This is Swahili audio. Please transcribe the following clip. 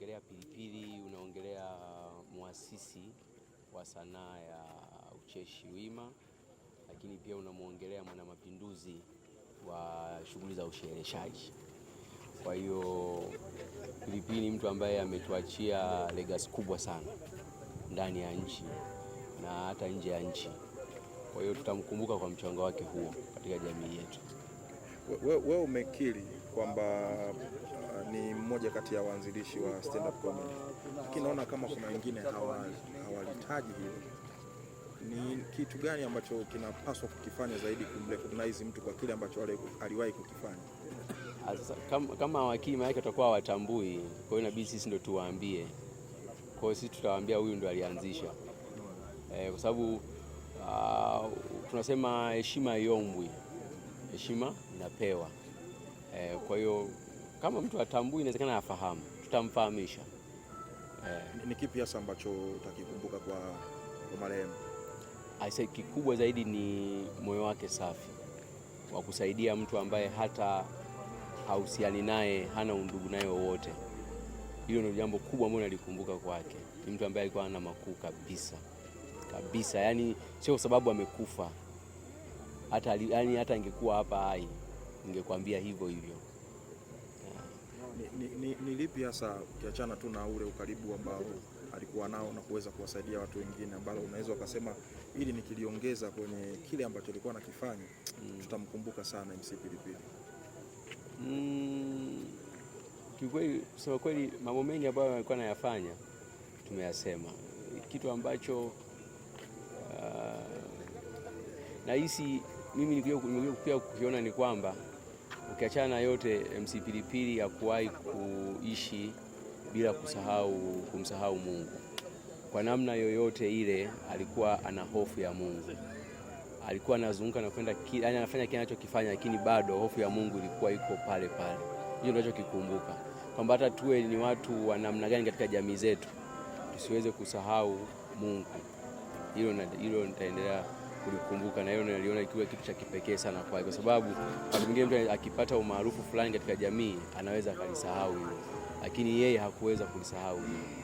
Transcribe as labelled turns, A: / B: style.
A: unaongelea Pilipili, unaongelea muasisi wa sanaa ya ucheshi wima, lakini pia unamwongelea mwanamapinduzi wa shughuli za ushereheshaji. Kwa hiyo Pilipili ni mtu ambaye ametuachia legacy kubwa sana ndani ya nchi na hata nje ya nchi. Kwa hiyo tutamkumbuka kwa mchango wake huo katika jamii yetu.
B: Wewe we umekiri kwamba mmoja kati ya waanzilishi wa stand up comedy, lakini naona kama kuna wengine hawalitaji hilo. Ni kitu gani ambacho kinapaswa kukifanya zaidi kumrecognize mtu kwa kile ambacho aliwahi kukifanya?
A: Asa, kama, kama maanake watakuwa hawatambui, kwa hiyo inabidi sisi ndio tuwaambie. Kwa hiyo sisi tutawaambia huyu ndo alianzisha e, kwa sababu uh, tunasema heshima iombwi, heshima inapewa e, kwa hiyo kama mtu atambui, inawezekana afahamu, tutamfahamisha.
B: Eh, ni kipi hasa ambacho utakikumbuka kwa, kwa marehemu?
A: Aisee, kikubwa zaidi ni moyo wake safi wa kusaidia mtu ambaye hata hausiani naye, hana undugu naye wowote. Hilo ndio jambo kubwa ambalo nalikumbuka kwake. Ni mtu ambaye alikuwa ana makuu kabisa kabisa, yani sio kwa sababu amekufa hata, yani hata ingekuwa hapa hai ningekwambia hivyo hivyo.
B: Ni, ni, ni lipi hasa ukiachana tu na ule ukaribu ambao alikuwa nao na kuweza kuwasaidia watu wengine ambalo unaweza ukasema ili nikiliongeza kwenye kile ambacho alikuwa nakifanya mm. tutamkumbuka sana MC Pilipili?
A: Mm, kiukweli, kusema kweli mambo mengi ambayo alikuwa anayafanya tumeyasema, kitu ambacho uh, nahisi mimi nilikuja kukiona ni kwamba Ukiachana na yote, MC Pilipili akuwahi kuishi bila kusahau kumsahau Mungu. Kwa namna yoyote ile, alikuwa ana hofu ya Mungu, alikuwa anazunguka na kwenda, yani anafanya kile anachokifanya, lakini bado hofu ya Mungu ilikuwa iko pale pale. Hiyo ndio kikumbuka kwamba hata tuwe ni watu wa namna gani katika jamii zetu, tusiweze kusahau Mungu. Hilo hilo nitaendelea kulikumbuka, na hiyo niliona ikiwa kitu cha kipekee sana kwake, kwa sababu wakati mwingine mtu akipata umaarufu fulani katika jamii anaweza akalisahau hilo, lakini yeye hakuweza kulisahau hilo.